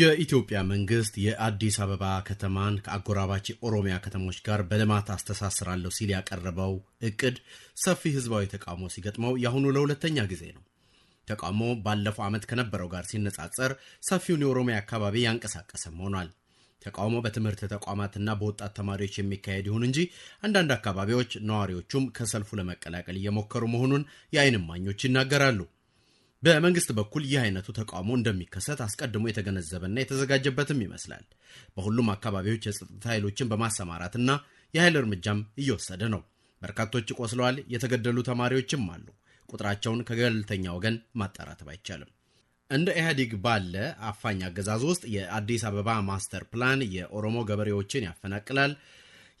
የኢትዮጵያ መንግስት የአዲስ አበባ ከተማን ከአጎራባች የኦሮሚያ ከተሞች ጋር በልማት አስተሳስራለሁ ሲል ያቀረበው እቅድ ሰፊ ህዝባዊ ተቃውሞ ሲገጥመው የአሁኑ ለሁለተኛ ጊዜ ነው። ተቃውሞ ባለፈው ዓመት ከነበረው ጋር ሲነጻጸር ሰፊውን የኦሮሚያ አካባቢ ያንቀሳቀሰም ሆኗል። ተቃውሞ በትምህርት ተቋማትና በወጣት ተማሪዎች የሚካሄድ ይሁን እንጂ አንዳንድ አካባቢዎች ነዋሪዎቹም ከሰልፉ ለመቀላቀል እየሞከሩ መሆኑን የአይን እማኞች ይናገራሉ። በመንግስት በኩል ይህ አይነቱ ተቃውሞ እንደሚከሰት አስቀድሞ የተገነዘበና የተዘጋጀበትም ይመስላል። በሁሉም አካባቢዎች የጸጥታ ኃይሎችን በማሰማራትና የኃይል እርምጃም እየወሰደ ነው። በርካቶች ቆስለዋል፣ የተገደሉ ተማሪዎችም አሉ። ቁጥራቸውን ከገለልተኛ ወገን ማጣራት አይቻልም። እንደ ኢህአዴግ ባለ አፋኝ አገዛዝ ውስጥ የአዲስ አበባ ማስተር ፕላን የኦሮሞ ገበሬዎችን ያፈናቅላል፣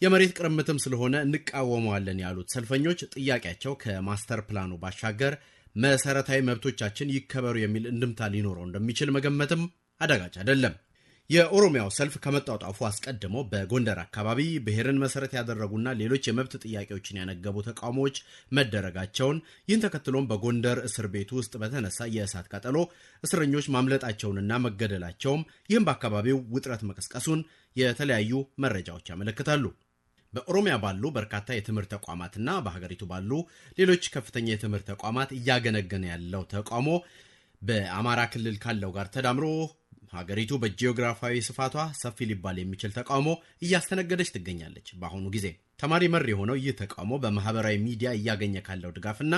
የመሬት ቅርምትም ስለሆነ እንቃወመዋለን ያሉት ሰልፈኞች ጥያቄያቸው ከማስተር ፕላኑ ባሻገር መሰረታዊ መብቶቻችን ይከበሩ የሚል እንድምታ ሊኖረው እንደሚችል መገመትም አዳጋች አይደለም። የኦሮሚያው ሰልፍ ከመጣጣፉ አስቀድሞ በጎንደር አካባቢ ብሔርን መሰረት ያደረጉና ሌሎች የመብት ጥያቄዎችን ያነገቡ ተቃውሞዎች መደረጋቸውን ይህን ተከትሎም በጎንደር እስር ቤት ውስጥ በተነሳ የእሳት ቃጠሎ እስረኞች ማምለጣቸውንና መገደላቸውም ይህም በአካባቢው ውጥረት መቀስቀሱን የተለያዩ መረጃዎች ያመለክታሉ። በኦሮሚያ ባሉ በርካታ የትምህርት ተቋማትና በሀገሪቱ ባሉ ሌሎች ከፍተኛ የትምህርት ተቋማት እያገነገነ ያለው ተቃውሞ በአማራ ክልል ካለው ጋር ተዳምሮ ሀገሪቱ በጂኦግራፊያዊ ስፋቷ ሰፊ ሊባል የሚችል ተቃውሞ እያስተነገደች ትገኛለች። በአሁኑ ጊዜ ተማሪ መር የሆነው ይህ ተቃውሞ በማህበራዊ ሚዲያ እያገኘ ካለው ድጋፍና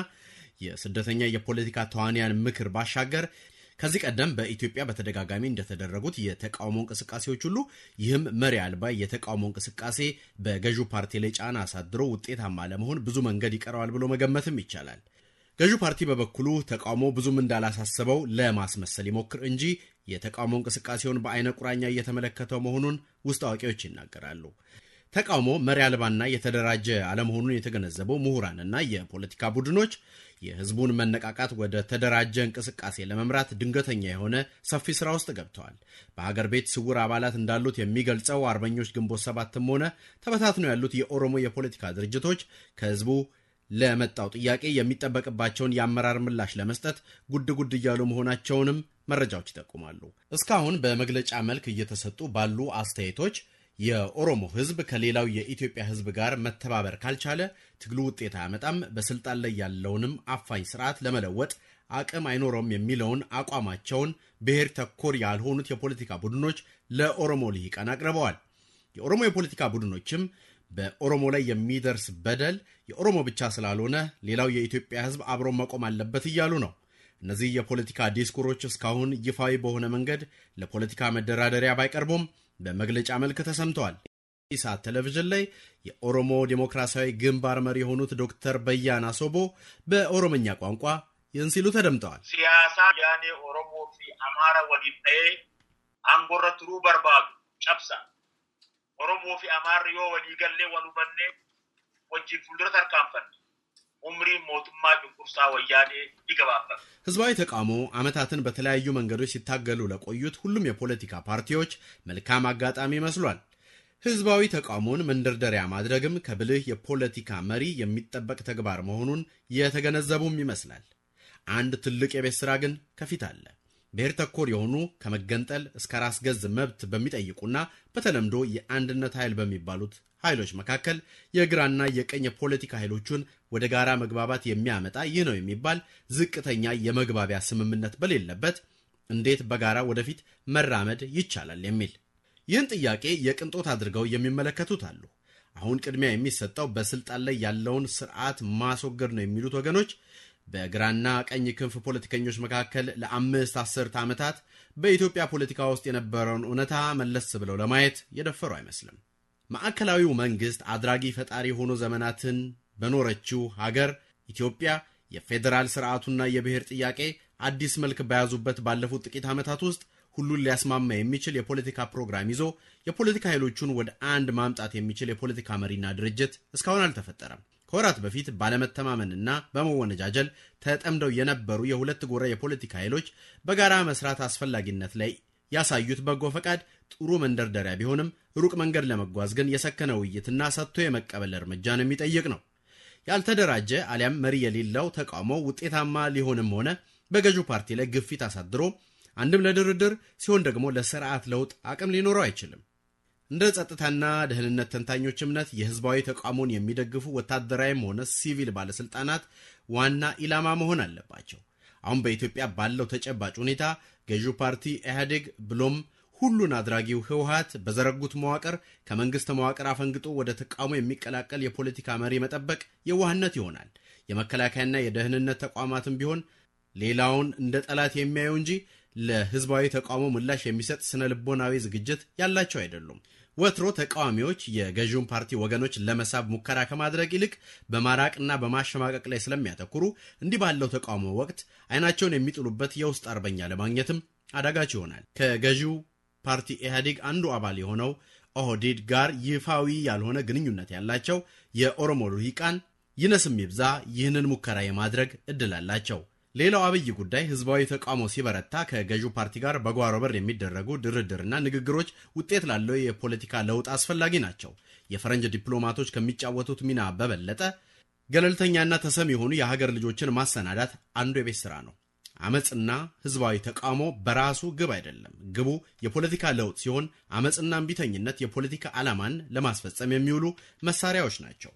የስደተኛ የፖለቲካ ተዋንያን ምክር ባሻገር ከዚህ ቀደም በኢትዮጵያ በተደጋጋሚ እንደተደረጉት የተቃውሞ እንቅስቃሴዎች ሁሉ ይህም መሪ አልባ የተቃውሞ እንቅስቃሴ በገዢው ፓርቲ ላይ ጫና አሳድሮ ውጤታማ ለመሆን ብዙ መንገድ ይቀረዋል ብሎ መገመትም ይቻላል። ገዢው ፓርቲ በበኩሉ ተቃውሞ ብዙም እንዳላሳሰበው ለማስመሰል ይሞክር እንጂ የተቃውሞ እንቅስቃሴውን በአይነ ቁራኛ እየተመለከተው መሆኑን ውስጥ አዋቂዎች ይናገራሉ። ተቃውሞ መሪ አልባና የተደራጀ አለመሆኑን የተገነዘቡ ምሁራንና የፖለቲካ ቡድኖች የህዝቡን መነቃቃት ወደ ተደራጀ እንቅስቃሴ ለመምራት ድንገተኛ የሆነ ሰፊ ስራ ውስጥ ገብተዋል። በሀገር ቤት ስውር አባላት እንዳሉት የሚገልጸው አርበኞች ግንቦት ሰባትም ሆነ ተበታትነው ያሉት የኦሮሞ የፖለቲካ ድርጅቶች ከህዝቡ ለመጣው ጥያቄ የሚጠበቅባቸውን የአመራር ምላሽ ለመስጠት ጉድ ጉድ እያሉ መሆናቸውንም መረጃዎች ይጠቁማሉ። እስካሁን በመግለጫ መልክ እየተሰጡ ባሉ አስተያየቶች የኦሮሞ ህዝብ ከሌላው የኢትዮጵያ ህዝብ ጋር መተባበር ካልቻለ ትግሉ ውጤት አያመጣም፣ በስልጣን ላይ ያለውንም አፋኝ ስርዓት ለመለወጥ አቅም አይኖረውም የሚለውን አቋማቸውን ብሔር ተኮር ያልሆኑት የፖለቲካ ቡድኖች ለኦሮሞ ልሂቃን አቅርበዋል። የኦሮሞ የፖለቲካ ቡድኖችም በኦሮሞ ላይ የሚደርስ በደል የኦሮሞ ብቻ ስላልሆነ ሌላው የኢትዮጵያ ህዝብ አብሮ መቆም አለበት እያሉ ነው። እነዚህ የፖለቲካ ዲስኩሮች እስካሁን ይፋዊ በሆነ መንገድ ለፖለቲካ መደራደሪያ ባይቀርቡም በመግለጫ መልክ ተሰምተዋል። ኢሳት ቴሌቪዥን ላይ የኦሮሞ ዴሞክራሲያዊ ግንባር መሪ የሆኑት ዶክተር በያና ሶቦ በኦሮምኛ ቋንቋ ይህን ሲሉ ተደምጠዋል። ሲያሳ ያኔ ኦሮሞ ፊ አማራ ወዲን አንጎረትሩ በርባዱ ጨብሳ ኦሮሞ ፊ አማር ዮ ወዲገሌ ወኑበኔ ወጂ ፉልዱረ አርካንፈን ኡምሪ ሞቱማ ድንቁርሳ ወያኔ ይገባበት። ህዝባዊ ተቃውሞ አመታትን በተለያዩ መንገዶች ሲታገሉ ለቆዩት ሁሉም የፖለቲካ ፓርቲዎች መልካም አጋጣሚ ይመስሏል። ህዝባዊ ተቃውሞን መንደርደሪያ ማድረግም ከብልህ የፖለቲካ መሪ የሚጠበቅ ተግባር መሆኑን የተገነዘቡም ይመስላል። አንድ ትልቅ የቤት ሥራ ግን ከፊት አለ። ብሔር ተኮር የሆኑ ከመገንጠል እስከ ራስ ገዝ መብት በሚጠይቁና በተለምዶ የአንድነት ኃይል በሚባሉት ኃይሎች መካከል የግራና የቀኝ የፖለቲካ ኃይሎቹን ወደ ጋራ መግባባት የሚያመጣ ይህ ነው የሚባል ዝቅተኛ የመግባቢያ ስምምነት በሌለበት እንዴት በጋራ ወደፊት መራመድ ይቻላል የሚል ይህን ጥያቄ የቅንጦት አድርገው የሚመለከቱት አሉ። አሁን ቅድሚያ የሚሰጠው በስልጣን ላይ ያለውን ስርዓት ማስወገድ ነው የሚሉት ወገኖች በግራና ቀኝ ክንፍ ፖለቲከኞች መካከል ለአምስት አስርት ዓመታት በኢትዮጵያ ፖለቲካ ውስጥ የነበረውን እውነታ መለስ ብለው ለማየት የደፈሩ አይመስልም። ማዕከላዊው መንግሥት አድራጊ ፈጣሪ ሆኖ ዘመናትን በኖረችው ሀገር ኢትዮጵያ የፌዴራል ሥርዓቱና የብሔር ጥያቄ አዲስ መልክ በያዙበት ባለፉት ጥቂት ዓመታት ውስጥ ሁሉን ሊያስማማ የሚችል የፖለቲካ ፕሮግራም ይዞ የፖለቲካ ኃይሎቹን ወደ አንድ ማምጣት የሚችል የፖለቲካ መሪና ድርጅት እስካሁን አልተፈጠረም። ከወራት በፊት ባለመተማመንና በመወነጃጀል ተጠምደው የነበሩ የሁለት ጎራ የፖለቲካ ኃይሎች በጋራ መስራት አስፈላጊነት ላይ ያሳዩት በጎ ፈቃድ ጥሩ መንደርደሪያ ቢሆንም ሩቅ መንገድ ለመጓዝ ግን የሰከነ ውይይትና ሰጥቶ የመቀበል እርምጃን የሚጠይቅ ነው። ያልተደራጀ አሊያም መሪ የሌለው ተቃውሞ ውጤታማ ሊሆንም ሆነ በገዢው ፓርቲ ላይ ግፊት አሳድሮ አንድም ለድርድር ሲሆን ደግሞ ለስርዓት ለውጥ አቅም ሊኖረው አይችልም። እንደ ጸጥታና ደህንነት ተንታኞች እምነት የህዝባዊ ተቃውሞን የሚደግፉ ወታደራዊም ሆነ ሲቪል ባለስልጣናት ዋና ኢላማ መሆን አለባቸው። አሁን በኢትዮጵያ ባለው ተጨባጭ ሁኔታ ገዢው ፓርቲ ኢህአዴግ ብሎም ሁሉን አድራጊው ህወሀት በዘረጉት መዋቅር ከመንግስት መዋቅር አፈንግጦ ወደ ተቃውሞ የሚቀላቀል የፖለቲካ መሪ መጠበቅ የዋህነት ይሆናል። የመከላከያና የደህንነት ተቋማትም ቢሆን ሌላውን እንደ ጠላት የሚያዩ እንጂ ለህዝባዊ ተቃውሞ ምላሽ የሚሰጥ ስነ ልቦናዊ ዝግጅት ያላቸው አይደሉም። ወትሮ ተቃዋሚዎች የገዢውን ፓርቲ ወገኖች ለመሳብ ሙከራ ከማድረግ ይልቅ በማራቅና በማሸማቀቅ ላይ ስለሚያተኩሩ እንዲህ ባለው ተቃውሞ ወቅት አይናቸውን የሚጥሉበት የውስጥ አርበኛ ለማግኘትም አዳጋች ይሆናል። ከገዢው ፓርቲ ኢህአዴግ አንዱ አባል የሆነው ኦህዴድ ጋር ይፋዊ ያልሆነ ግንኙነት ያላቸው የኦሮሞ ልሂቃን ይነስም ይብዛ ይህንን ሙከራ የማድረግ እድል አላቸው። ሌላው አብይ ጉዳይ ህዝባዊ ተቃውሞ ሲበረታ ከገዢው ፓርቲ ጋር በጓሮ በር የሚደረጉ ድርድርና ንግግሮች ውጤት ላለው የፖለቲካ ለውጥ አስፈላጊ ናቸው። የፈረንጅ ዲፕሎማቶች ከሚጫወቱት ሚና በበለጠ ገለልተኛና ተሰሚ የሆኑ የሀገር ልጆችን ማሰናዳት አንዱ የቤት ስራ ነው። አመፅና ህዝባዊ ተቃውሞ በራሱ ግብ አይደለም። ግቡ የፖለቲካ ለውጥ ሲሆን፣ አመፅና እምቢተኝነት የፖለቲካ ዓላማን ለማስፈጸም የሚውሉ መሳሪያዎች ናቸው።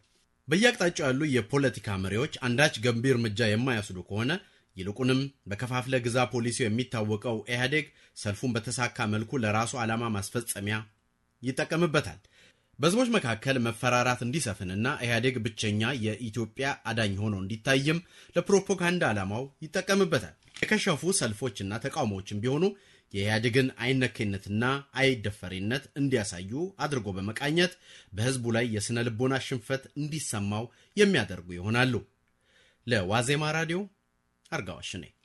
በየአቅጣጫው ያሉ የፖለቲካ መሪዎች አንዳች ገንቢ እርምጃ የማያስዱ ከሆነ ይልቁንም በከፋፍለ ግዛ ፖሊሲው የሚታወቀው ኢህአዴግ ሰልፉን በተሳካ መልኩ ለራሱ ዓላማ ማስፈጸሚያ ይጠቀምበታል። በህዝቦች መካከል መፈራራት እንዲሰፍንና ኢህአዴግ ብቸኛ የኢትዮጵያ አዳኝ ሆኖ እንዲታይም ለፕሮፓጋንዳ ዓላማው ይጠቀምበታል። የከሸፉ ሰልፎችና ተቃውሞዎችም ቢሆኑ የኢህአዴግን አይነኬነትና አይደፈሪነት እንዲያሳዩ አድርጎ በመቃኘት በህዝቡ ላይ የሥነ ልቦና ሽንፈት እንዲሰማው የሚያደርጉ ይሆናሉ። ለዋዜማ ራዲዮ हर